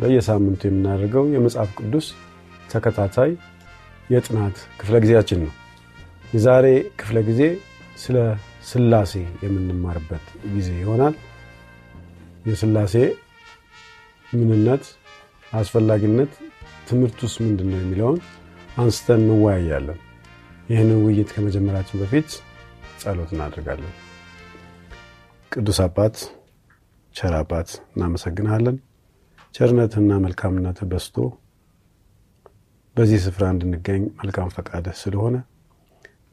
በየሳምንቱ የምናደርገው የመጽሐፍ ቅዱስ ተከታታይ የጥናት ክፍለ ጊዜያችን ነው። የዛሬ ክፍለ ጊዜ ስለ ስላሴ የምንማርበት ጊዜ ይሆናል። የስላሴ ምንነት፣ አስፈላጊነት፣ ውስጥ ምንድን ነው የሚለውን አንስተን እንወያያለን። ይህንን ውይይት ከመጀመራችን በፊት ጸሎት እናደርጋለን። ቅዱስ አባት፣ ቸር አባት እናመሰግናለን። ቸርነትና መልካምነት በስቶ በዚህ ስፍራ እንድንገኝ መልካም ፈቃደ ስለሆነ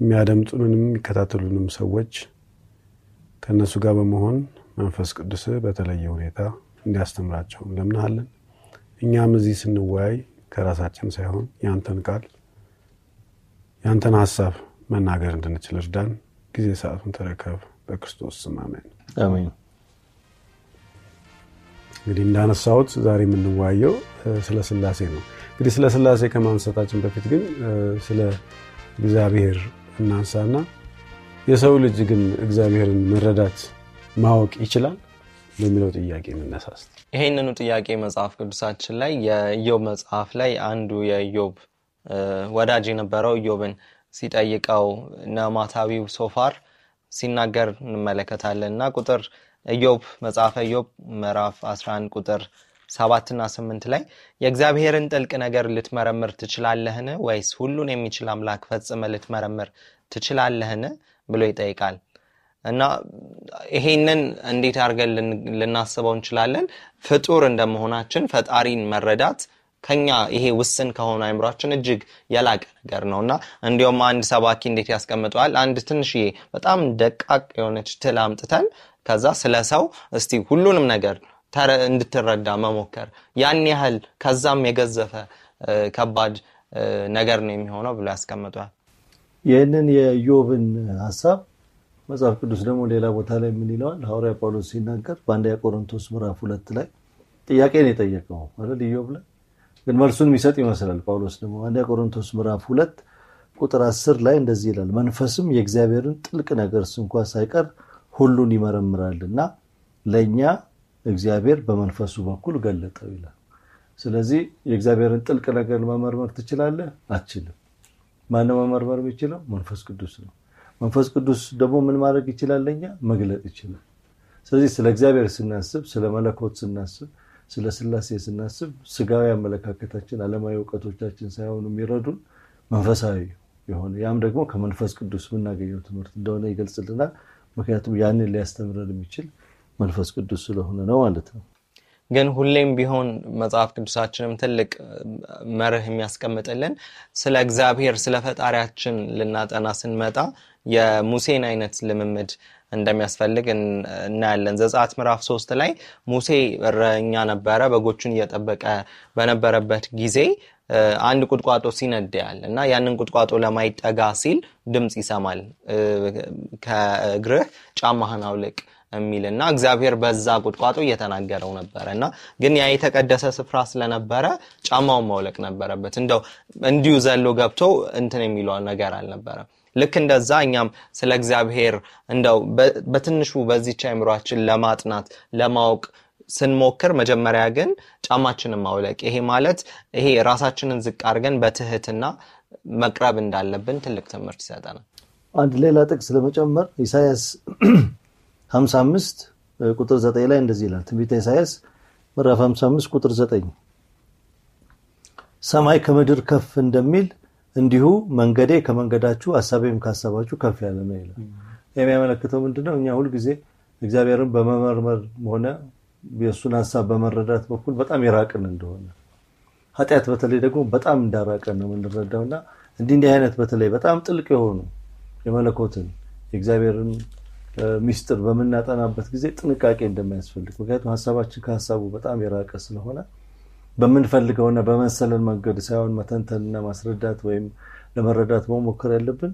የሚያደምጡንም የሚከታተሉንም ሰዎች ከእነሱ ጋር በመሆን መንፈስ ቅዱስ በተለየ ሁኔታ እንዲያስተምራቸው እንለምናሃለን። እኛም እዚህ ስንወያይ ከራሳችን ሳይሆን ያንተን ቃል ያንተን ሀሳብ መናገር እንድንችል እርዳን። ጊዜ ሰዓቱን ተረከብ። በክርስቶስ ስም አሜን። እንግዲህ እንዳነሳሁት ዛሬ የምንዋየው ስለ ስላሴ ነው። እንግዲህ ስለ ስላሴ ከማንሳታችን በፊት ግን ስለ እግዚአብሔር እናንሳና የሰው ልጅ ግን እግዚአብሔርን መረዳት ማወቅ ይችላል በሚለው ጥያቄ የምነሳስ ይሄንኑ ጥያቄ መጽሐፍ ቅዱሳችን ላይ የኢዮብ መጽሐፍ ላይ አንዱ የኢዮብ ወዳጅ የነበረው ኢዮብን ሲጠይቀው ነማታዊው ሶፋር ሲናገር እንመለከታለን እና ቁጥር ኢዮብ መጽሐፈ ኢዮብ ምዕራፍ 11 ቁጥር ሰባትና ስምንት ላይ የእግዚአብሔርን ጥልቅ ነገር ልትመረምር ትችላለህን? ወይስ ሁሉን የሚችል አምላክ ፈጽመ ልትመረምር ትችላለህን? ብሎ ይጠይቃል። እና ይሄንን እንዴት አድርገን ልናስበው እንችላለን? ፍጡር እንደመሆናችን ፈጣሪን መረዳት ከኛ ይሄ ውስን ከሆነ አይምሯችን እጅግ የላቀ ነገር ነው እና እንዲሁም አንድ ሰባኪ እንዴት ያስቀምጠዋል? አንድ ትንሽዬ በጣም ደቃቅ የሆነች ትል አምጥተን ከዛ ስለ ሰው እስቲ ሁሉንም ነገር እንድትረዳ መሞከር ያን ያህል ከዛም የገዘፈ ከባድ ነገር ነው የሚሆነው ብሎ ያስቀምጠዋል። ይህንን የዮብን ሀሳብ መጽሐፍ ቅዱስ ደግሞ ሌላ ቦታ ላይ ምን ይለዋል? ሐዋርያ ጳውሎስ ሲናገር በአንደኛ ቆሮንቶስ ምራፍ ሁለት ላይ ጥያቄን የጠየቀው ዮብ ላይ ግን መልሱን የሚሰጥ ይመስላል ጳውሎስ ደግሞ አንደኛ ቆሮንቶስ ምዕራፍ ሁለት ቁጥር አስር ላይ እንደዚህ ይላል መንፈስም የእግዚአብሔርን ጥልቅ ነገር ስንኳ ሳይቀር ሁሉን ይመረምራል እና ለእኛ እግዚአብሔር በመንፈሱ በኩል ገለጠው ይላል። ስለዚህ የእግዚአብሔርን ጥልቅ ነገር መመርመር ትችላለህ? አችልም። ማነው መመርመር የሚችለው? መንፈስ ቅዱስ ነው። መንፈስ ቅዱስ ደግሞ ምን ማድረግ ይችላል? ለእኛ መግለጥ ይችላል። ስለዚህ ስለ እግዚአብሔር ስናስብ፣ ስለ መለኮት ስናስብ ስለ ስላሴ ስናስብ ስጋዊ አመለካከታችን አለማዊ እውቀቶቻችን ሳይሆኑ የሚረዱን መንፈሳዊ የሆነ ያም ደግሞ ከመንፈስ ቅዱስ የምናገኘው ትምህርት እንደሆነ ይገልጽልናል። ምክንያቱም ያንን ሊያስተምረን የሚችል መንፈስ ቅዱስ ስለሆነ ነው ማለት ነው። ግን ሁሌም ቢሆን መጽሐፍ ቅዱሳችንም ትልቅ መርህ የሚያስቀምጥልን ስለ እግዚአብሔር ስለ ፈጣሪያችን ልናጠና ስንመጣ የሙሴን አይነት ልምምድ እንደሚያስፈልግ እናያለን። ዘጸአት ምዕራፍ ሶስት ላይ ሙሴ እረኛ ነበረ፣ በጎቹን እየጠበቀ በነበረበት ጊዜ አንድ ቁጥቋጦ ሲነዳያል እና ያንን ቁጥቋጦ ለማይጠጋ ሲል ድምፅ ይሰማል፣ ከእግርህ ጫማህን አውልቅ የሚል እና እግዚአብሔር በዛ ቁጥቋጦ እየተናገረው ነበረ እና ግን ያ የተቀደሰ ስፍራ ስለነበረ ጫማውን ማውለቅ ነበረበት። እንደው እንዲሁ ዘሎ ገብቶ እንትን የሚለው ነገር አልነበረም። ልክ እንደዛ እኛም ስለ እግዚአብሔር እንደው በትንሹ በዚች አእምሯችን ለማጥናት ለማወቅ ስንሞክር መጀመሪያ ግን ጫማችንን ማውለቅ ይሄ ማለት ይሄ ራሳችንን ዝቅ አድርገን በትህትና መቅረብ እንዳለብን ትልቅ ትምህርት ይሰጠናል። አንድ ሌላ ጥቅስ ለመጨመር ኢሳያስ 55 ቁጥር 9 ላይ እንደዚህ ይላል። ትንቢተ ኢሳያስ ምዕራፍ 55 ቁጥር 9 ሰማይ ከምድር ከፍ እንደሚል እንዲሁ መንገዴ ከመንገዳችሁ ሀሳቤም ከሀሳባችሁ ከፍ ያለ ነው ይላል። የሚያመለክተው ምንድነው? እኛ ሁልጊዜ እግዚአብሔርን በመመርመር ሆነ የእሱን ሀሳብ በመረዳት በኩል በጣም የራቅን እንደሆነ ኃጢአት በተለይ ደግሞ በጣም እንዳራቀን ነው የምንረዳው። እና እንዲህ እንዲህ አይነት በተለይ በጣም ጥልቅ የሆኑ የመለኮትን የእግዚአብሔርን ሚስጥር በምናጠናበት ጊዜ ጥንቃቄ እንደማያስፈልግ ምክንያቱም ሀሳባችን ከሀሳቡ በጣም የራቀ ስለሆነ በምንፈልገውና በመሰለን መንገድ ሳይሆን መተንተንና ማስረዳት ወይም ለመረዳት መሞከር ያለብን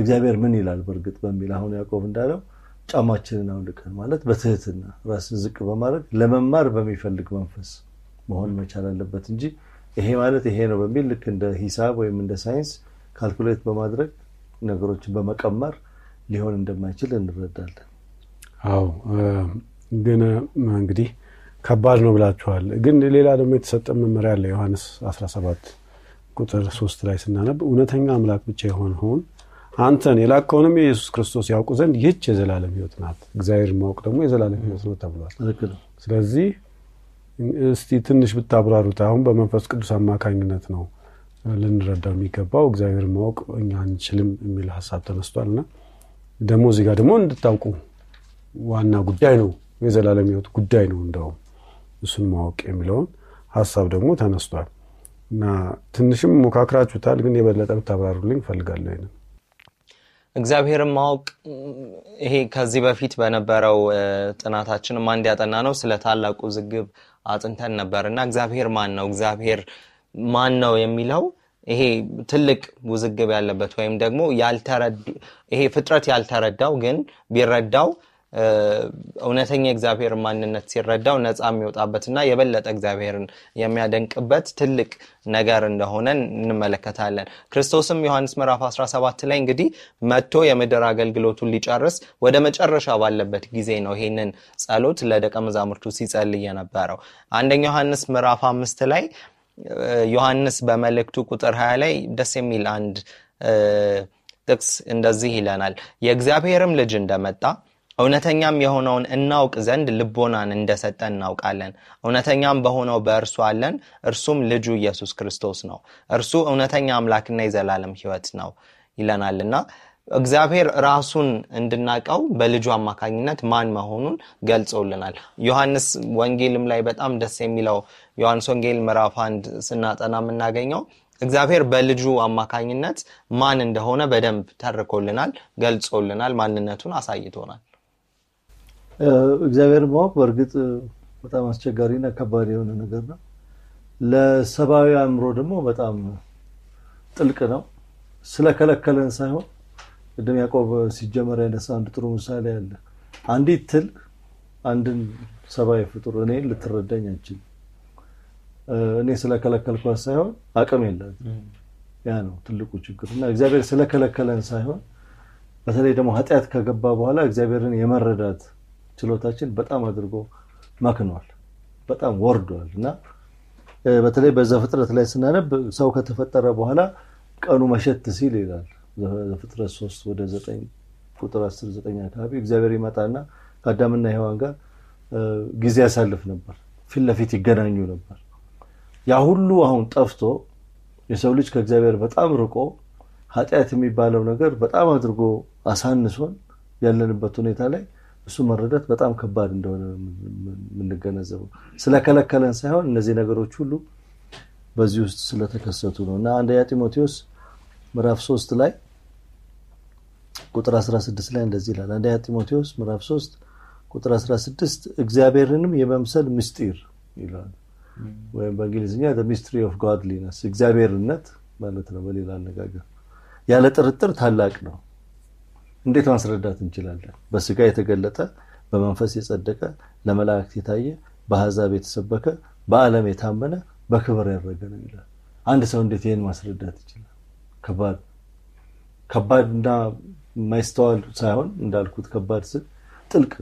እግዚአብሔር ምን ይላል በእርግጥ በሚል አሁን ያዕቆብ እንዳለው ጫማችንን አውልቀን ማለት በትህትና ራስን ዝቅ በማድረግ ለመማር በሚፈልግ መንፈስ መሆን መቻል አለበት እንጂ ይሄ ማለት ይሄ ነው በሚል ልክ እንደ ሂሳብ ወይም እንደ ሳይንስ ካልኩሌት በማድረግ ነገሮችን በመቀመር ሊሆን እንደማይችል እንረዳለን። አዎ ግን እንግዲህ ከባድ ነው ብላችኋል። ግን ሌላ ደግሞ የተሰጠ መመሪያ አለ። ዮሐንስ 17 ቁጥር 3 ላይ ስናነብ እውነተኛ አምላክ ብቻ ሆን አንተን የላከውንም የኢየሱስ ክርስቶስ ያውቁ ዘንድ ይህች የዘላለም ሕይወት ናት። እግዚአብሔር ማወቅ ደግሞ የዘላለም ሕይወት ነው ተብሏል። ስለዚህ እስቲ ትንሽ ብታብራሩት። አሁን በመንፈስ ቅዱስ አማካኝነት ነው ልንረዳው የሚገባው። እግዚአብሔር ማወቅ እኛ አንችልም የሚል ሀሳብ ተነስቷል እና ደግሞ እዚህ ጋር ደግሞ እንድታውቁ ዋና ጉዳይ ነው የዘላለም ሕይወት ጉዳይ ነው እንደውም እሱን ማወቅ የሚለውን ሀሳብ ደግሞ ተነስቷል እና ትንሽም ሞካክራችሁታል፣ ግን የበለጠ ብታብራሩልኝ እፈልጋለሁ። ይሄንን እግዚአብሔርን ማወቅ ይሄ ከዚህ በፊት በነበረው ጥናታችንም አንድ ያጠና ነው ስለ ታላቁ ዝግብ አጥንተን ነበር እና እግዚአብሔር ማን ነው እግዚአብሔር ማን ነው የሚለው ይሄ ትልቅ ውዝግብ ያለበት ወይም ደግሞ ይሄ ፍጥረት ያልተረዳው ግን ቢረዳው እውነተኛ እግዚአብሔር ማንነት ሲረዳው ነፃ የሚወጣበትና የበለጠ እግዚአብሔርን የሚያደንቅበት ትልቅ ነገር እንደሆነ እንመለከታለን። ክርስቶስም ዮሐንስ ምዕራፍ 17 ላይ እንግዲህ መጥቶ የምድር አገልግሎቱን ሊጨርስ ወደ መጨረሻ ባለበት ጊዜ ነው ይህንን ጸሎት ለደቀ መዛሙርቱ ሲጸልይ የነበረው። አንደኛ ዮሐንስ ምዕራፍ አምስት ላይ ዮሐንስ በመልእክቱ ቁጥር 20 ላይ ደስ የሚል አንድ ጥቅስ እንደዚህ ይለናል የእግዚአብሔርም ልጅ እንደመጣ እውነተኛም የሆነውን እናውቅ ዘንድ ልቦናን እንደሰጠ እናውቃለን። እውነተኛም በሆነው በእርሱ አለን፣ እርሱም ልጁ ኢየሱስ ክርስቶስ ነው። እርሱ እውነተኛ አምላክና የዘላለም ህይወት ነው ይለናልና እግዚአብሔር ራሱን እንድናቀው በልጁ አማካኝነት ማን መሆኑን ገልጾልናል። ዮሐንስ ወንጌልም ላይ በጣም ደስ የሚለው ዮሐንስ ወንጌል ምዕራፍ አንድ ስናጠና የምናገኘው እግዚአብሔር በልጁ አማካኝነት ማን እንደሆነ በደንብ ተርኮልናል፣ ገልጾልናል፣ ማንነቱን አሳይቶናል። እግዚአብሔር ማወቅ በእርግጥ በጣም እና ከባድ የሆነ ነገር ነው። ለሰብአዊ አእምሮ ደግሞ በጣም ጥልቅ ነው። ስለከለከለን ሳይሆን ቅድም ያዕቆብ ሲጀመር ያነሳ አንድ ጥሩ ምሳሌ አለ። አንዲት ትል አንድን ሰብአዊ ፍጡር እኔ ልትረዳኝ አችል እኔ ስለከለከልኳት ሳይሆን አቅም የላትም። ያ ነው ትልቁ ችግር እና እግዚአብሔር ስለከለከለን ሳይሆን በተለይ ደግሞ ኃጢአት ከገባ በኋላ እግዚአብሔርን የመረዳት ችሎታችን በጣም አድርጎ መክኗል፣ በጣም ወርዷል እና በተለይ በዛ ፍጥረት ላይ ስናነብ ሰው ከተፈጠረ በኋላ ቀኑ መሸት ሲል ይላል ፍጥረት ሶስት ወደ ዘጠኝ ቁጥር አስር ዘጠኝ አካባቢ እግዚአብሔር ይመጣና ከአዳምና ሔዋን ጋር ጊዜ ያሳልፍ ነበር፣ ፊት ለፊት ይገናኙ ነበር። ያ ሁሉ አሁን ጠፍቶ የሰው ልጅ ከእግዚአብሔር በጣም ርቆ ኃጢአት የሚባለው ነገር በጣም አድርጎ አሳንሶን ያለንበት ሁኔታ ላይ እሱ መረዳት በጣም ከባድ እንደሆነ የምንገነዘበው ስለከለከለን ሳይሆን እነዚህ ነገሮች ሁሉ በዚህ ውስጥ ስለተከሰቱ ነው እና አንደኛ ጢሞቴዎስ ምዕራፍ ሶስት ላይ ቁጥር 16 ላይ እንደዚህ ይላል። አንደኛ ጢሞቴዎስ ምዕራፍ ሶስት ቁጥር 16 እግዚአብሔርንም የመምሰል ምስጢር ይላል፣ ወይም በእንግሊዝኛ ሚስትሪ ኦፍ ጋድሊነስ እግዚአብሔርነት ማለት ነው። በሌላ አነጋገር ያለ ጥርጥር ታላቅ ነው እንዴት ማስረዳት እንችላለን? በስጋ የተገለጠ በመንፈስ የጸደቀ ለመላእክት የታየ በአሕዛብ የተሰበከ በዓለም የታመነ በክብር ያረገ ነው ይላል። አንድ ሰው እንዴት ይህን ማስረዳት ይችላል? ከባድ እና የማይስተዋል ሳይሆን እንዳልኩት ከባድ ስል ጥልቅ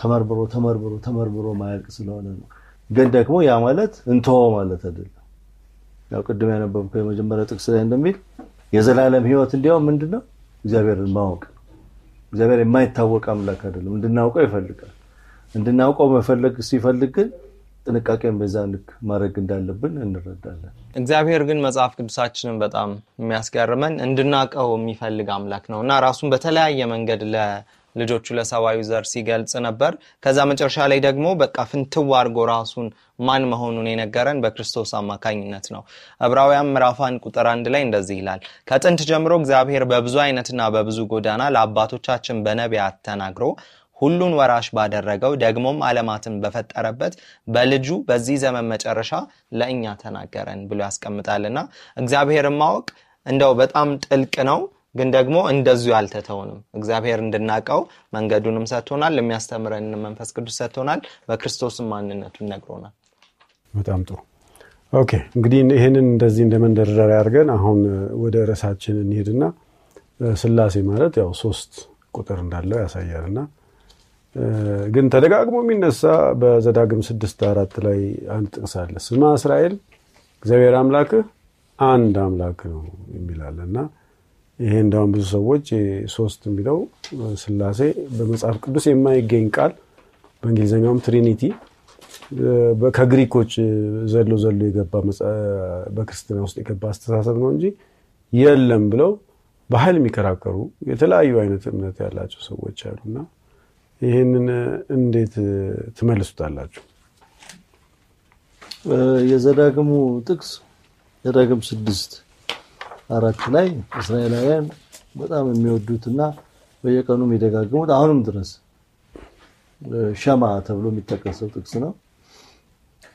ተመርምሮ ተመርምሮ ተመርምሮ ማያልቅ ስለሆነ ነው። ግን ደግሞ ያ ማለት እንትሆ ማለት አይደለም። ያው ቅድም ያነበብከው የመጀመሪያ ጥቅስ ላይ እንደሚል የዘላለም ሕይወት እንዲያውም ምንድን ነው እግዚአብሔርን ማወቅ። እግዚአብሔር የማይታወቅ አምላክ አይደለም፣ እንድናውቀው ይፈልጋል። እንድናውቀው መፈለግ ሲፈልግ ግን ጥንቃቄን በዛ ልክ ማድረግ እንዳለብን እንረዳለን። እግዚአብሔር ግን መጽሐፍ ቅዱሳችንን በጣም የሚያስገርመን እንድናውቀው የሚፈልግ አምላክ ነው እና ራሱን በተለያየ መንገድ ልጆቹ ለሰብአዊ ዘር ሲገልጽ ነበር። ከዛ መጨረሻ ላይ ደግሞ በቃ ፍንትው አርጎ ራሱን ማን መሆኑን የነገረን በክርስቶስ አማካኝነት ነው። ዕብራውያን ምዕራፍ አንድ ቁጥር አንድ ላይ እንደዚህ ይላል፣ ከጥንት ጀምሮ እግዚአብሔር በብዙ አይነትና በብዙ ጎዳና ለአባቶቻችን በነቢያት ተናግሮ ሁሉን ወራሽ ባደረገው ደግሞም አለማትን በፈጠረበት በልጁ በዚህ ዘመን መጨረሻ ለእኛ ተናገረን ብሎ ያስቀምጣልና እግዚአብሔርን ማወቅ እንደው በጣም ጥልቅ ነው። ግን ደግሞ እንደዚሁ አልተተውንም። እግዚአብሔር እንድናቀው መንገዱንም ሰጥቶናል። የሚያስተምረን መንፈስ ቅዱስ ሰጥቶናል። በክርስቶስም ማንነቱን ነግሮናል። በጣም ጥሩ። ኦኬ እንግዲህ ይህንን እንደዚህ እንደመንደርደር መንደርደሪያ አድርገን አሁን ወደ ርዕሳችን እንሄድና ስላሴ ማለት ያው ሶስት ቁጥር እንዳለው ያሳያልና ግን ተደጋግሞ የሚነሳ በዘዳግም ስድስት አራት ላይ አንድ ጥቅስ አለ። ስማ እስራኤል እግዚአብሔር አምላክህ አንድ አምላክ ነው የሚላለ እና ይሄ እንዳሁን ብዙ ሰዎች ሶስት የሚለው ስላሴ በመጽሐፍ ቅዱስ የማይገኝ ቃል በእንግሊዝኛውም ትሪኒቲ ከግሪኮች ዘሎ ዘሎ የገባ በክርስትና ውስጥ የገባ አስተሳሰብ ነው እንጂ የለም ብለው በኃይል የሚከራከሩ የተለያዩ አይነት እምነት ያላቸው ሰዎች አሉና ይህንን እንዴት ትመልሱታላችሁ? የዘዳግሙ ጥቅስ ዘዳግም ስድስት አራት ላይ እስራኤላውያን በጣም የሚወዱትና በየቀኑ የሚደጋግሙት አሁንም ድረስ ሸማ ተብሎ የሚጠቀሰው ጥቅስ ነው።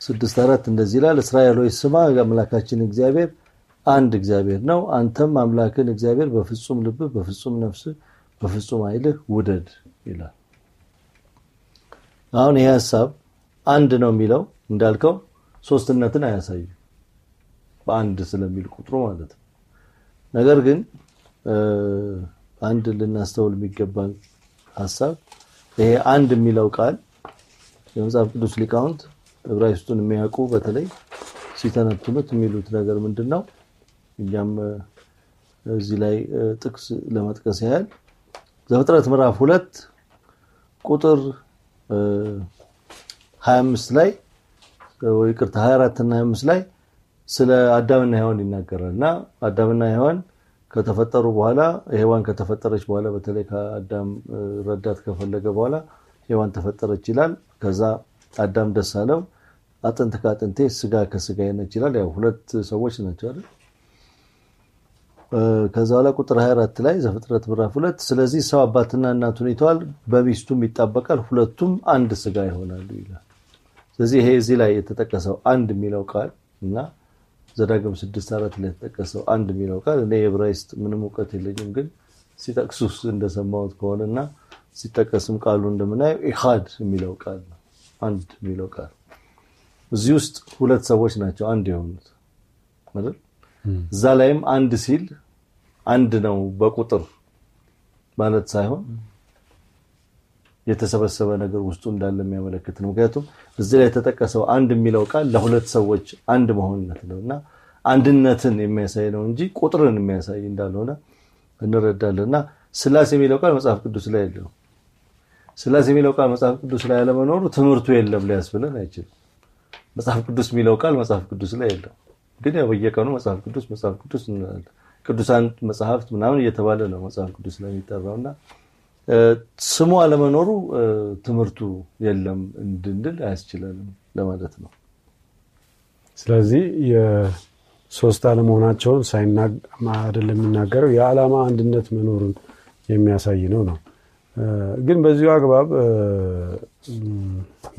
ስድስት አራት እንደዚህ ይላል፣ ሆይ ስማ፣ አምላካችን እግዚአብሔር አንድ እግዚአብሔር ነው። አንተም አምላክን እግዚአብሔር በፍጹም ልብህ፣ በፍጹም ነፍስህ፣ በፍጹም ኃይልህ ውደድ ይላል። አሁን ይሄ ሀሳብ አንድ ነው የሚለው እንዳልከው ሶስትነትን አያሳይም፣ በአንድ ስለሚል ቁጥሩ ማለት ነው። ነገር ግን አንድ ልናስተውል የሚገባን ሀሳብ ይሄ አንድ የሚለው ቃል የመጽሐፍ ቅዱስ ሊቃውንት ዕብራይስጡን የሚያውቁ በተለይ ሲተነትኑት የሚሉት ነገር ምንድን ነው? እኛም እዚህ ላይ ጥቅስ ለመጥቀስ ያህል ዘፍጥረት ምዕራፍ ሁለት ቁጥር 25 ላይ ወይ ይቅርታ 24 እና 25 ላይ ስለ አዳምና ሔዋን ይናገራል እና አዳምና ሔዋን ከተፈጠሩ በኋላ ሔዋን ከተፈጠረች በኋላ በተለይ ከአዳም ረዳት ከፈለገ በኋላ ሔዋን ተፈጠረች ይላል። ከዛ አዳም ደስ አለው፣ አጥንት ከአጥንቴ ስጋ ከስጋ ነች ይላል። ያው ሁለት ሰዎች ናቸው አይደል? ከዛ በኋላ ቁጥር 24 ላይ ዘፍጥረት ምዕራፍ ሁለት ስለዚህ ሰው አባትና እናቱን ይተዋል፣ በሚስቱም ይጣበቃል፣ ሁለቱም አንድ ስጋ ይሆናሉ ይላል። ስለዚህ ይሄ እዚህ ላይ የተጠቀሰው አንድ የሚለው ቃል እና ዘዳግም ስድስት አራት ላይ የተጠቀሰው አንድ የሚለው ቃል እኔ የዕብራይስጥ ምንም እውቀት የለኝም፣ ግን ሲጠቅሱ እንደሰማሁት ከሆነ እና ሲጠቀስም ቃሉ እንደምናየው ኢሃድ የሚለው ቃል ነው። አንድ የሚለው ቃል እዚህ ውስጥ ሁለት ሰዎች ናቸው አንድ የሆኑት አይደል? እዛ ላይም አንድ ሲል አንድ ነው በቁጥር ማለት ሳይሆን የተሰበሰበ ነገር ውስጡ እንዳለ የሚያመለክት ነው። ምክንያቱም እዚህ ላይ የተጠቀሰው አንድ የሚለው ቃል ለሁለት ሰዎች አንድ መሆንነት ነው እና አንድነትን የሚያሳይ ነው እንጂ ቁጥርን የሚያሳይ እንዳልሆነ እንረዳለን እና ስላሴ የሚለው ቃል መጽሐፍ ቅዱስ ላይ የለም። ስላሴ የሚለው ቃል መጽሐፍ ቅዱስ ላይ ያለመኖሩ ትምህርቱ የለም ሊያስብለን አይችልም። መጽሐፍ ቅዱስ የሚለው ቃል መጽሐፍ ቅዱስ ላይ የለም። ግን ያው በየቀኑ መጽሐፍ ቅዱስ መጽሐፍ ቅዱስ ቅዱሳን መጽሐፍት ምናምን እየተባለ ነው መጽሐፍ ቅዱስ ላይ እና ስሙ አለመኖሩ ትምህርቱ የለም እንድንል አያስችለንም ለማለት ነው። ስለዚህ የሶስት አለመሆናቸውን አይደለም የሚናገረው የዓላማ አንድነት መኖሩን የሚያሳይ ነው ነው። ግን በዚሁ አግባብ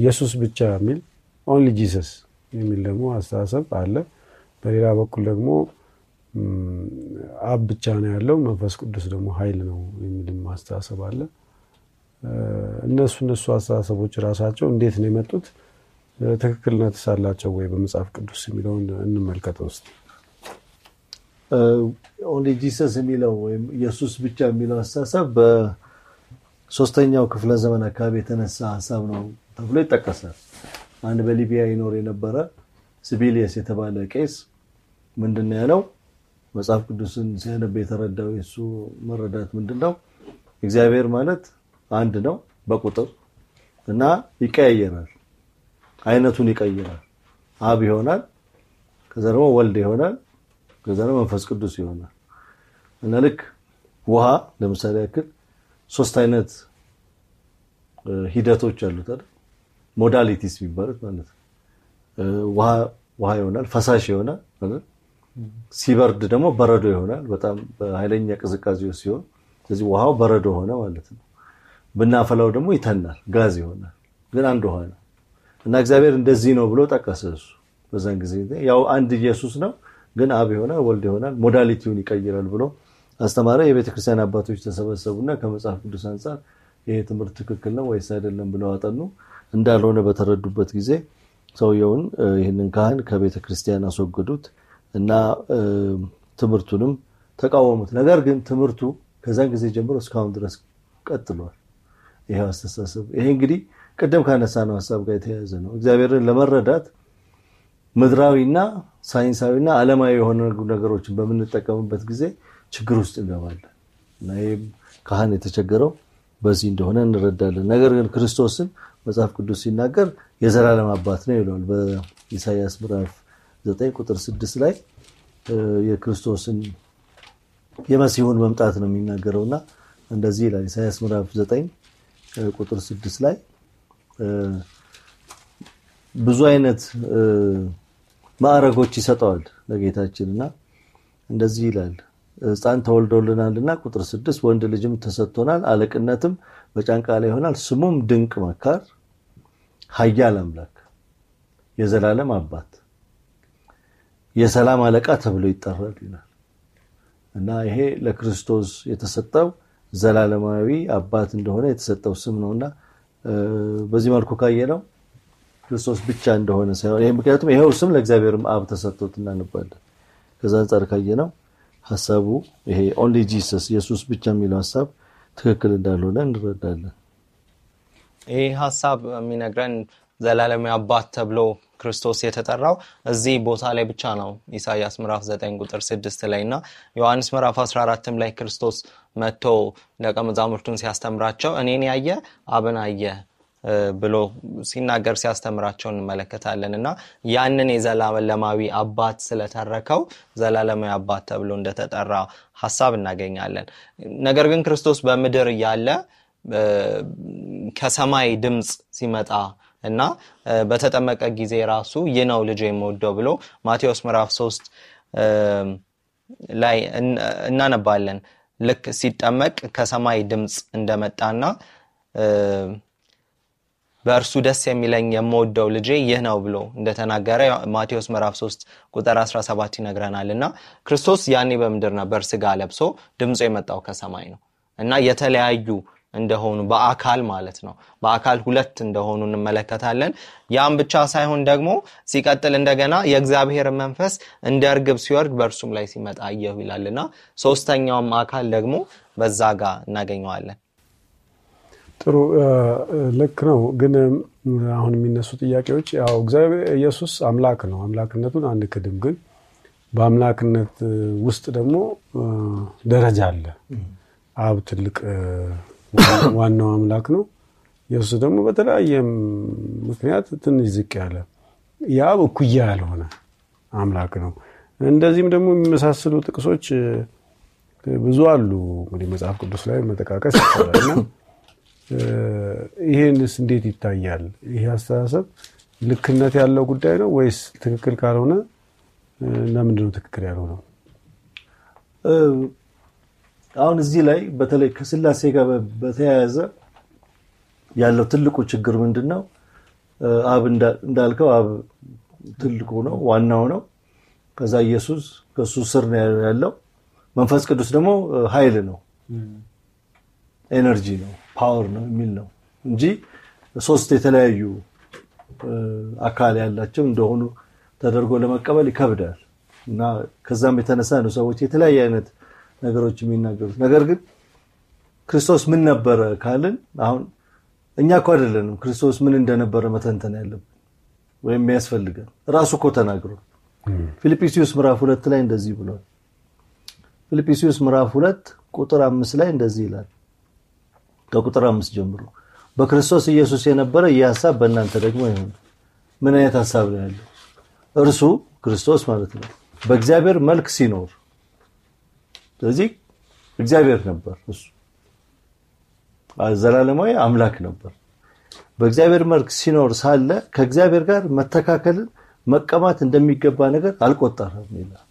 ኢየሱስ ብቻ የሚል ኦንሊ ጂሰስ የሚል ደግሞ አስተሳሰብ አለ። በሌላ በኩል ደግሞ አብ ብቻ ነው ያለው፣ መንፈስ ቅዱስ ደግሞ ኃይል ነው የሚልም አስተሳሰብ አለ። እነሱ እነሱ አስተሳሰቦች ራሳቸው እንዴት ነው የመጡት? ትክክልነትስ አላቸው ወይ በመጽሐፍ ቅዱስ የሚለውን እንመልከተው እስኪ። ኦንሊ ጂሰስ የሚለው ወይም ኢየሱስ ብቻ የሚለው አስተሳሰብ በሶስተኛው ክፍለ ዘመን አካባቢ የተነሳ ሀሳብ ነው ተብሎ ይጠቀሳል። አንድ በሊቢያ ይኖር የነበረ ሲቢሊየስ የተባለ ቄስ ምንድን ነው ያለው መጽሐፍ ቅዱስን ሲያነብ የተረዳው የእሱ መረዳት ምንድን ነው? እግዚአብሔር ማለት አንድ ነው በቁጥር እና ይቀያየራል፣ አይነቱን ይቀይራል። አብ ይሆናል፣ ከዛ ደግሞ ወልድ ይሆናል፣ ከዛ ደግሞ መንፈስ ቅዱስ ይሆናል እና ልክ ውሃ ለምሳሌ ያክል ሶስት አይነት ሂደቶች አሉት አይደል? ሞዳሊቲስ የሚባሉት ማለት ነው። ውሃ ይሆናል፣ ፈሳሽ ይሆናል ሲበርድ ደግሞ በረዶ ይሆናል። በጣም በኃይለኛ ቅዝቃዜ ሲሆን ስለዚህ ውሃው በረዶ ሆነ ማለት ነው። ብናፈላው ደግሞ ይተናል፣ ጋዝ ይሆናል። ግን አንድ ውሃ ነው እና እግዚአብሔር እንደዚህ ነው ብሎ ጠቀሰ። እሱ በዛን ጊዜ ያው አንድ ኢየሱስ ነው፣ ግን አብ ይሆናል፣ ወልድ ይሆናል፣ ሞዳሊቲውን ይቀይራል ብሎ አስተማረ። የቤተክርስቲያን አባቶች ተሰበሰቡና ከመጽሐፍ ቅዱስ አንጻር ይሄ ትምህርት ትክክል ነው ወይስ አይደለም ብለው አጠኑ። እንዳልሆነ በተረዱበት ጊዜ ሰውየውን ይህንን ካህን ከቤተክርስቲያን አስወገዱት። እና ትምህርቱንም ተቃወሙት። ነገር ግን ትምህርቱ ከዛን ጊዜ ጀምሮ እስካሁን ድረስ ቀጥሏል። ይሄ አስተሳሰብ ይሄ እንግዲህ ቅድም ካነሳ ነው ሀሳብ ጋር የተያያዘ ነው። እግዚአብሔርን ለመረዳት ምድራዊና ሳይንሳዊና ዓለማዊ የሆነ ነገሮችን በምንጠቀምበት ጊዜ ችግር ውስጥ እንገባለን እና ይህም ካህን የተቸገረው በዚህ እንደሆነ እንረዳለን። ነገር ግን ክርስቶስን መጽሐፍ ቅዱስ ሲናገር የዘላለም አባት ነው ይለዋል በኢሳያስ ምዕራፍ ዘጠኝ ቁጥር ስድስት ላይ የክርስቶስን የመሲሁን መምጣት ነው የሚናገረውና እንደዚህ ይላል። ኢሳያስ ምዕራፍ ዘጠኝ ቁጥር ስድስት ላይ ብዙ አይነት ማዕረጎች ይሰጠዋል ለጌታችን እና እንደዚህ ይላል ሕፃን ተወልዶልናልና ቁጥር ስድስት ወንድ ልጅም ተሰጥቶናል፣ አለቅነትም በጫንቃ ላይ ይሆናል። ስሙም ድንቅ መካር፣ ሀያል አምላክ፣ የዘላለም አባት፣ የሰላም አለቃ ተብሎ ይጠራል ይላል እና ይሄ ለክርስቶስ የተሰጠው ዘላለማዊ አባት እንደሆነ የተሰጠው ስም ነውና በዚህ መልኩ ካየነው ክርስቶስ ብቻ እንደሆነ ሳይሆን ይሄ ምክንያቱም ይሄው ስም ለእግዚአብሔር አብ ተሰጥቶት እናንባለን ከዛ አንጻር ካየነው ሀሳቡ ይሄ ኦንሊ ጂሰስ ኢየሱስ ብቻ የሚለው ሀሳብ ትክክል እንዳልሆነ እንረዳለን። ይሄ ሀሳብ የሚነግረን ዘላለማዊ አባት ተብሎ ክርስቶስ የተጠራው እዚህ ቦታ ላይ ብቻ ነው። ኢሳያስ ምዕራፍ 9 ቁጥር 6 ላይ እና ዮሐንስ ምዕራፍ 14 ላይ ክርስቶስ መጥቶ ደቀ መዛሙርቱን ሲያስተምራቸው እኔን ያየ አብን አየ ብሎ ሲናገር ሲያስተምራቸው እንመለከታለን እና ያንን የዘላለማዊ አባት ስለተረከው ዘላለማዊ አባት ተብሎ እንደተጠራ ሀሳብ እናገኛለን። ነገር ግን ክርስቶስ በምድር እያለ ከሰማይ ድምፅ ሲመጣ እና በተጠመቀ ጊዜ ራሱ ይህ ነው ልጅ የምወደው ብሎ ማቴዎስ ምዕራፍ ሶስት ላይ እናነባለን። ልክ ሲጠመቅ ከሰማይ ድምፅ እንደመጣና በእርሱ ደስ የሚለኝ የምወደው ልጄ ይህ ነው ብሎ እንደተናገረ ማቴዎስ ምዕራፍ 3 ቁጥር 17 ይነግረናል። እና ክርስቶስ ያኔ በምድር ነበር ስጋ ለብሶ ድምፁ የመጣው ከሰማይ ነው እና የተለያዩ እንደሆኑ በአካል ማለት ነው። በአካል ሁለት እንደሆኑ እንመለከታለን። ያም ብቻ ሳይሆን ደግሞ ሲቀጥል እንደገና የእግዚአብሔር መንፈስ እንደ እርግብ ሲወርድ በእርሱም ላይ ሲመጣ አየሁ ይላልና ሶስተኛውም አካል ደግሞ በዛ ጋር እናገኘዋለን። ጥሩ ልክ ነው። ግን አሁን የሚነሱ ጥያቄዎች ያው እግዚአብሔር ኢየሱስ አምላክ ነው፣ አምላክነቱን ክድም ግን በአምላክነት ውስጥ ደግሞ ደረጃ አለ። አብ ትልቅ ዋናው አምላክ ነው። የእሱ ደግሞ በተለያየ ምክንያት ትንሽ ዝቅ ያለ ያ እኩያ ያልሆነ አምላክ ነው። እንደዚህም ደግሞ የሚመሳሰሉ ጥቅሶች ብዙ አሉ። እንግዲህ መጽሐፍ ቅዱስ ላይ መጠቃቀስ ይቻላልና ይሄንስ እንዴት ይታያል? ይህ አስተሳሰብ ልክነት ያለው ጉዳይ ነው ወይስ ትክክል ካልሆነ ለምንድነው ነው ትክክል ያልሆነው? አሁን እዚህ ላይ በተለይ ከስላሴ ጋር በተያያዘ ያለው ትልቁ ችግር ምንድን ነው? አብ እንዳልከው አብ ትልቁ ነው፣ ዋናው ነው። ከዛ ኢየሱስ ከሱ ስር ነው ያለው። መንፈስ ቅዱስ ደግሞ ኃይል ነው፣ ኤነርጂ ነው፣ ፓወር ነው የሚል ነው እንጂ ሶስት የተለያዩ አካል ያላቸው እንደሆኑ ተደርጎ ለመቀበል ይከብዳል እና ከዛም የተነሳ ነው ሰዎች የተለያየ አይነት ነገሮች የሚናገሩት። ነገር ግን ክርስቶስ ምን ነበረ ካልን አሁን እኛ እኮ አይደለንም ክርስቶስ ምን እንደነበረ መተንተን ያለብን ወይም ያስፈልገን። ራሱ እኮ ተናግሮ ፊልጵስዩስ ምዕራፍ ሁለት ላይ እንደዚህ ብሏል። ፊልጵስዩስ ምዕራፍ ሁለት ቁጥር አምስት ላይ እንደዚህ ይላል ከቁጥር አምስት ጀምሮ በክርስቶስ ኢየሱስ የነበረ ይህ ሀሳብ በእናንተ ደግሞ ይሁን። ምን አይነት ሀሳብ ነው ያለው? እርሱ ክርስቶስ ማለት ነው በእግዚአብሔር መልክ ሲኖር ስለዚህ እግዚአብሔር ነበር እሱ ዘላለማዊ አምላክ ነበር። በእግዚአብሔር መልክ ሲኖር ሳለ ከእግዚአብሔር ጋር መተካከልን መቀማት እንደሚገባ ነገር አልቆጠረም ይላል።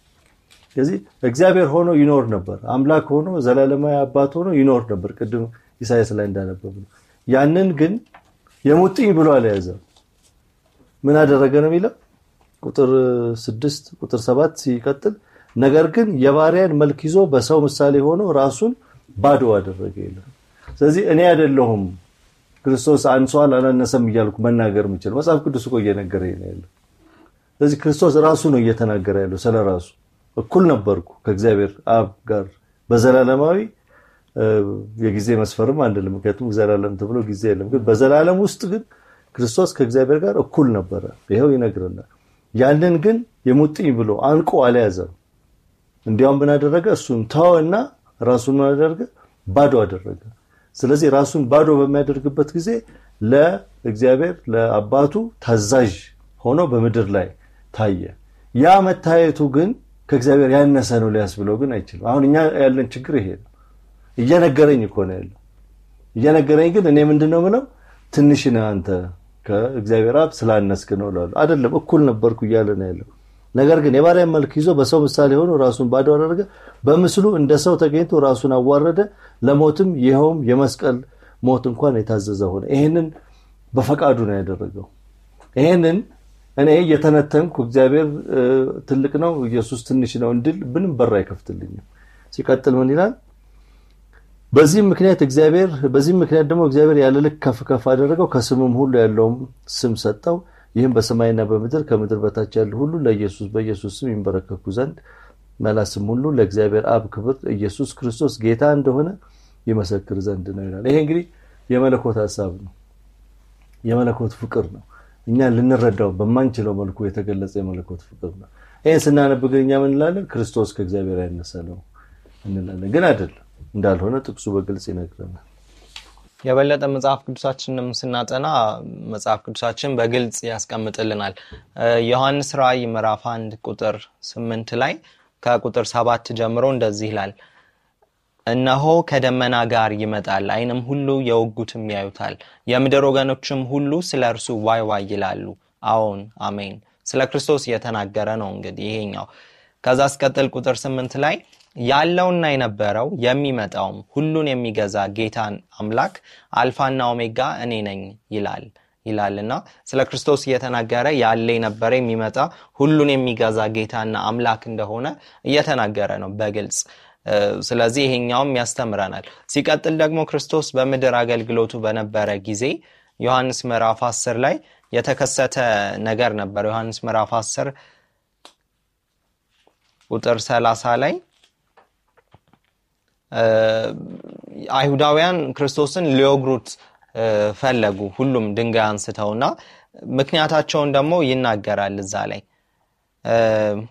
ስለዚህ እግዚአብሔር ሆኖ ይኖር ነበር፣ አምላክ ሆኖ ዘላለማዊ አባት ሆኖ ይኖር ነበር። ቅድም ኢሳያስ ላይ እንዳነበብ ነው። ያንን ግን የሙጥኝ ብሎ አልያዘም። ምን አደረገ ነው የሚለው ቁጥር ስድስት ቁጥር ሰባት ሲቀጥል ነገር ግን የባሪያን መልክ ይዞ በሰው ምሳሌ ሆኖ ራሱን ባዶ አደረገ ይላል። ስለዚህ እኔ አይደለሁም ክርስቶስ አንሷል አላነሰም እያልኩ መናገር የምችል መጽሐፍ ቅዱስ እኮ እየነገረ ያለ። ስለዚህ ክርስቶስ ራሱ ነው እየተናገረ ያለው ስለ ራሱ። እኩል ነበርኩ ከእግዚአብሔር አብ ጋር በዘላለማዊ የጊዜ መስፈርም አንልም፣ ምክንያቱም ዘላለም ተብሎ ጊዜ የለም። ግን በዘላለም ውስጥ ግን ክርስቶስ ከእግዚአብሔር ጋር እኩል ነበረ፣ ይኸው ይነግረናል። ያንን ግን የሙጥኝ ብሎ አንቆ አልያዘም። እንዲያውም ምን አደረገ? እሱን ተወና ራሱን ምን አደረገ? ባዶ አደረገ። ስለዚህ ራሱን ባዶ በሚያደርግበት ጊዜ ለእግዚአብሔር ለአባቱ ታዛዥ ሆኖ በምድር ላይ ታየ። ያ መታየቱ ግን ከእግዚአብሔር ያነሰ ነው ሊያስብለው ግን አይችልም። አሁን እኛ ያለን ችግር ይሄ ነው። እየነገረኝ እኮ ነው ያለው። እየነገረኝ ግን እኔ ምንድን ነው ምለው ትንሽ ነህ አንተ ከእግዚአብሔር አብ ስላነስክ ነው እላለሁ። አይደለም እኩል ነበርኩ እያለ ነው ያለው። ነገር ግን የባሪያ መልክ ይዞ በሰው ምሳሌ ሆኖ ራሱን ባዶ አደረገ፣ በምስሉ እንደ ሰው ተገኝቶ ራሱን አዋረደ፣ ለሞትም ይኸውም የመስቀል ሞት እንኳን የታዘዘ ሆነ። ይህንን በፈቃዱ ነው ያደረገው። ይህንን እኔ እየተነተንኩ እግዚአብሔር ትልቅ ነው ኢየሱስ ትንሽ ነው እንድል ምንም በር አይከፍትልኝም። ሲቀጥል ምን ይላል? በዚህም ምክንያት እግዚአብሔር በዚህም ምክንያት ደግሞ እግዚአብሔር ያለ ልክ ከፍ ከፍ አደረገው፣ ከስምም ሁሉ ያለውም ስም ሰጠው ይህም በሰማይና በምድር ከምድር በታች ያሉ ሁሉ ለኢየሱስ በኢየሱስ ስም ይንበረከኩ ዘንድ መላስም ሁሉ ለእግዚአብሔር አብ ክብር ኢየሱስ ክርስቶስ ጌታ እንደሆነ ይመሰክር ዘንድ ነው ይላል። ይሄ እንግዲህ የመለኮት ሀሳብ ነው፣ የመለኮት ፍቅር ነው። እኛ ልንረዳው በማንችለው መልኩ የተገለጸ የመለኮት ፍቅር ነው። ይህን ስናነብ ግን እኛ ምን እንላለን? ክርስቶስ ከእግዚአብሔር ያነሰ ነው እንላለን። ግን አይደለም፣ እንዳልሆነ ጥቅሱ በግልጽ ይነግረናል። የበለጠ መጽሐፍ ቅዱሳችንም ስናጠና መጽሐፍ ቅዱሳችን በግልጽ ያስቀምጥልናል። ዮሐንስ ራይ ምዕራፍ አንድ ቁጥር ስምንት ላይ ከቁጥር ሰባት ጀምሮ እንደዚህ ይላል፣ እነሆ ከደመና ጋር ይመጣል፣ አይንም ሁሉ የወጉትም ያዩታል፣ የምድር ወገኖችም ሁሉ ስለ እርሱ ዋይ ዋይ ይላሉ። አዎን አሜን። ስለ ክርስቶስ እየተናገረ ነው። እንግዲህ ይሄኛው ከዛ አስቀጥል ቁጥር ስምንት ላይ ያለውና የነበረው የሚመጣውም ሁሉን የሚገዛ ጌታን አምላክ አልፋና ኦሜጋ እኔ ነኝ ይላል ይላልና ስለ ክርስቶስ እየተናገረ ያለ የነበረ የሚመጣ ሁሉን የሚገዛ ጌታና አምላክ እንደሆነ እየተናገረ ነው በግልጽ። ስለዚህ ይሄኛውም ያስተምረናል። ሲቀጥል ደግሞ ክርስቶስ በምድር አገልግሎቱ በነበረ ጊዜ ዮሐንስ ምዕራፍ 10 ላይ የተከሰተ ነገር ነበር። ዮሐንስ ምዕራፍ 10 ቁጥር 30 ላይ አይሁዳውያን ክርስቶስን ሊወግሩት ፈለጉ። ሁሉም ድንጋይ አንስተውና ምክንያታቸውን ደግሞ ይናገራል እዛ ላይ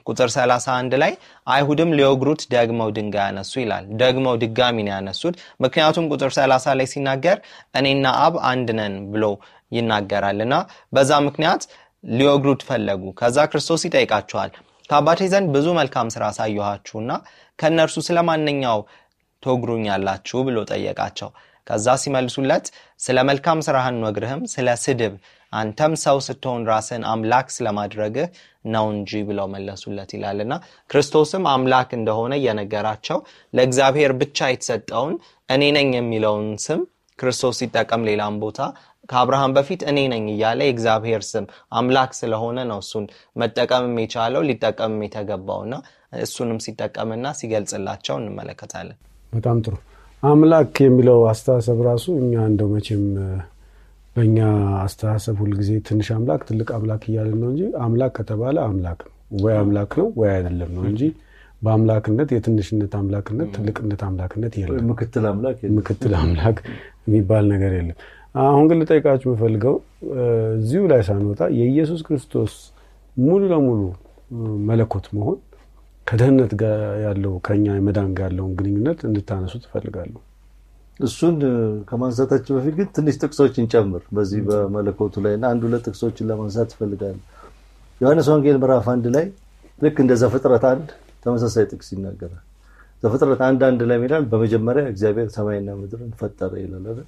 ቁጥር 31 ላይ አይሁድም ሊወግሩት ደግመው ድንጋይ ያነሱ ይላል። ደግመው ድጋሚ ነው ያነሱት። ምክንያቱም ቁጥር 30 ላይ ሲናገር እኔና አብ አንድ ነን ብሎ ይናገራል እና በዛ ምክንያት ሊወግሩት ፈለጉ። ከዛ ክርስቶስ ይጠይቃቸዋል ከአባቴ ዘንድ ብዙ መልካም ስራ ሳየኋችሁና ከእነርሱ ስለማንኛው ትወግሩኛላችሁ ብሎ ጠየቃቸው። ከዛ ሲመልሱለት ስለ መልካም ስራህን ነግርህም ስለ ስድብ አንተም ሰው ስትሆን ራስን አምላክ ስለማድረግህ ነው እንጂ ብለው መለሱለት ይላልና ክርስቶስም አምላክ እንደሆነ እየነገራቸው ለእግዚአብሔር ብቻ የተሰጠውን እኔ ነኝ የሚለውን ስም ክርስቶስ ሲጠቀም ሌላም ቦታ ከአብርሃም በፊት እኔ ነኝ እያለ የእግዚአብሔር ስም አምላክ ስለሆነ ነው እሱን መጠቀም የቻለው ሊጠቀምም የተገባውና እሱንም ሲጠቀምና ሲገልጽላቸው እንመለከታለን። በጣም ጥሩ። አምላክ የሚለው አስተሳሰብ ራሱ እኛ እንደው መቼም በእኛ አስተሳሰብ ሁልጊዜ ትንሽ አምላክ ትልቅ አምላክ እያለን ነው እንጂ አምላክ ከተባለ አምላክ ነው ወይ አምላክ ነው ወይ አይደለም ነው እንጂ በአምላክነት የትንሽነት አምላክነት ትልቅነት አምላክነት የለም። ምክትል አምላክ የሚባል ነገር የለም። አሁን ግን ልጠይቃችሁ የምፈልገው እዚሁ ላይ ሳንወጣ የኢየሱስ ክርስቶስ ሙሉ ለሙሉ መለኮት መሆን ከደህንነት ጋር ያለው ከኛ የመዳን ጋር ያለውን ግንኙነት እንድታነሱ ትፈልጋሉ። እሱን ከማንሳታችን በፊት ግን ትንሽ ጥቅሶችን ጨምር በዚህ በመለኮቱ ላይ እና አንድ ሁለት ጥቅሶችን ለማንሳት ትፈልጋለሁ። ዮሐንስ ወንጌል ምዕራፍ አንድ ላይ ልክ እንደ ዘፍጥረት አንድ ተመሳሳይ ጥቅስ ይናገራል። ዘፍጥረት አንድ አንድ ላይ ይላል በመጀመሪያ እግዚአብሔር ሰማይና ምድርን ፈጠረ ይላል።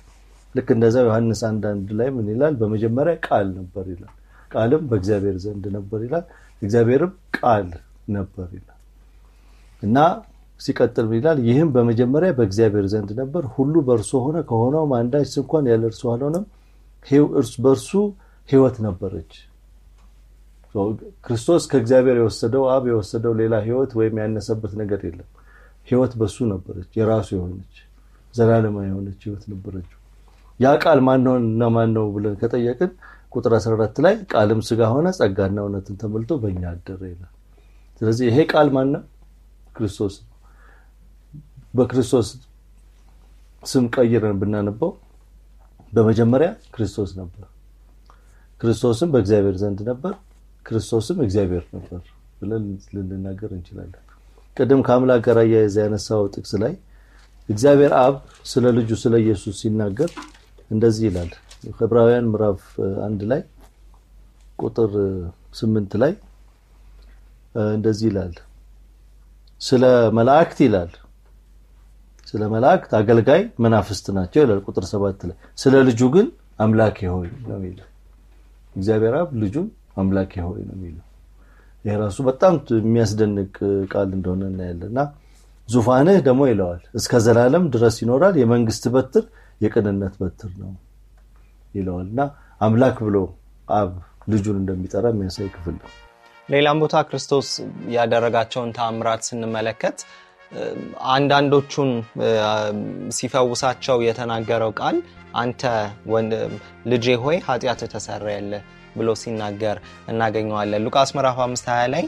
ልክ እንደዛ ዮሐንስ አንድ አንድ ላይ ምን ይላል? በመጀመሪያ ቃል ነበር ይላል። ቃልም በእግዚአብሔር ዘንድ ነበር ይላል። እግዚአብሔርም ቃል ነበር ይላል። እና ሲቀጥል ይላል ይህም በመጀመሪያ በእግዚአብሔር ዘንድ ነበር፣ ሁሉ በእርሱ ሆነ፣ ከሆነውም አንዳች እንኳን ያለ እርሱ አልሆነም። በእርሱ ህይወት ነበረች። ክርስቶስ ከእግዚአብሔር የወሰደው አብ የወሰደው ሌላ ህይወት ወይም ያነሰበት ነገር የለም። ህይወት በሱ ነበረች፣ የራሱ የሆነች ዘላለማዊ የሆነች ህይወት ነበረች። ያ ቃል ማንሆን እና ማን ነው ብለን ከጠየቅን ቁጥር 14 ላይ ቃልም ስጋ ሆነ ጸጋና እውነትን ተሞልቶ በእኛ አደረ ይላል። ስለዚህ ይሄ ቃል ማነው? ክርስቶስ ነው። በክርስቶስ ስም ቀይረን ብናነበው በመጀመሪያ ክርስቶስ ነበር፣ ክርስቶስም በእግዚአብሔር ዘንድ ነበር፣ ክርስቶስም እግዚአብሔር ነበር ብለን ልንናገር እንችላለን። ቅድም ከአምላክ ጋር አያይዘ ያነሳው ጥቅስ ላይ እግዚአብሔር አብ ስለ ልጁ ስለ ኢየሱስ ሲናገር እንደዚህ ይላል። ዕብራውያን ምዕራፍ አንድ ላይ ቁጥር ስምንት ላይ እንደዚህ ይላል ስለ መላእክት ይላል ስለ መላእክት አገልጋይ መናፍስት ናቸው ይላል ቁጥር ሰባት ላይ ስለ ልጁ ግን አምላክ ሆይ ነው የሚለው እግዚአብሔር አብ ልጁን አምላክ ሆይ ነው የሚለው ይሄ ራሱ በጣም የሚያስደንቅ ቃል እንደሆነ እናያለን እና ዙፋንህ ደግሞ ይለዋል እስከ ዘላለም ድረስ ይኖራል የመንግስት በትር የቅንነት በትር ነው ይለዋል እና አምላክ ብሎ አብ ልጁን እንደሚጠራ የሚያሳይ ክፍል ነው ሌላም ቦታ ክርስቶስ ያደረጋቸውን ተአምራት ስንመለከት አንዳንዶቹን ሲፈውሳቸው የተናገረው ቃል አንተ ልጄ ሆይ ኃጢአት ተሰረየልህ ብሎ ሲናገር እናገኘዋለን። ሉቃስ ምዕራፍ 5 20 ላይ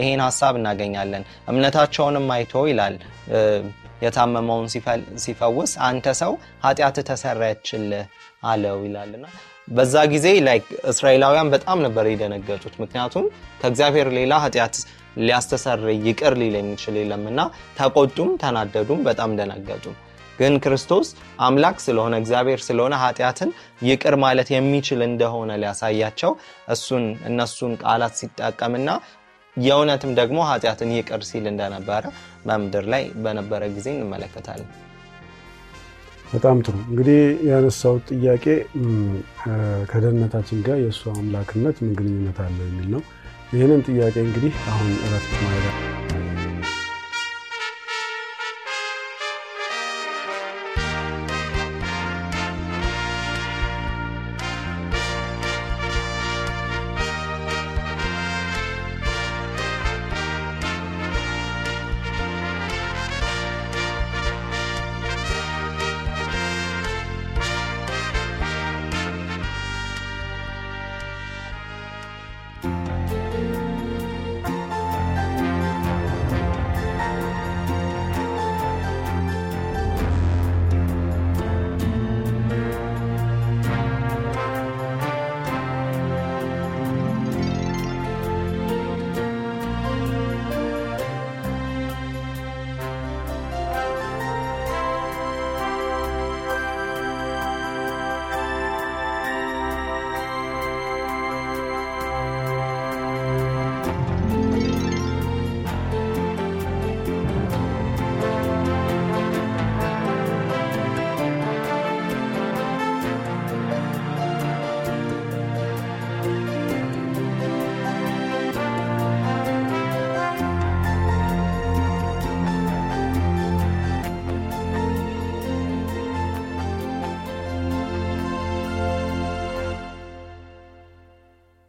ይሄን ሀሳብ እናገኛለን። እምነታቸውንም አይቶ ይላል የታመመውን ሲፈውስ አንተ ሰው ኃጢአት ተሰረየችልህ አለው ይላልና በዛ ጊዜ ላይክ እስራኤላውያን በጣም ነበር የደነገጡት። ምክንያቱም ከእግዚአብሔር ሌላ ኃጢአት ሊያስተሰር ይቅር ሊል የሚችል የለምና ተቆጡም፣ ተናደዱም፣ በጣም ደነገጡ ግን ክርስቶስ አምላክ ስለሆነ እግዚአብሔር ስለሆነ ኃጢአትን ይቅር ማለት የሚችል እንደሆነ ሊያሳያቸው እሱን እነሱን ቃላት ሲጠቀምና የእውነትም ደግሞ ኃጢአትን ይቅር ሲል እንደነበረ መምድር ላይ በነበረ ጊዜ እንመለከታለን። በጣም ጥሩ እንግዲህ ያነሳው ጥያቄ ከደህንነታችን ጋር የእሱ አምላክነት ምን ግንኙነት አለው የሚል ነው። ይህንን ጥያቄ እንግዲህ አሁን እረፍት ማድረግ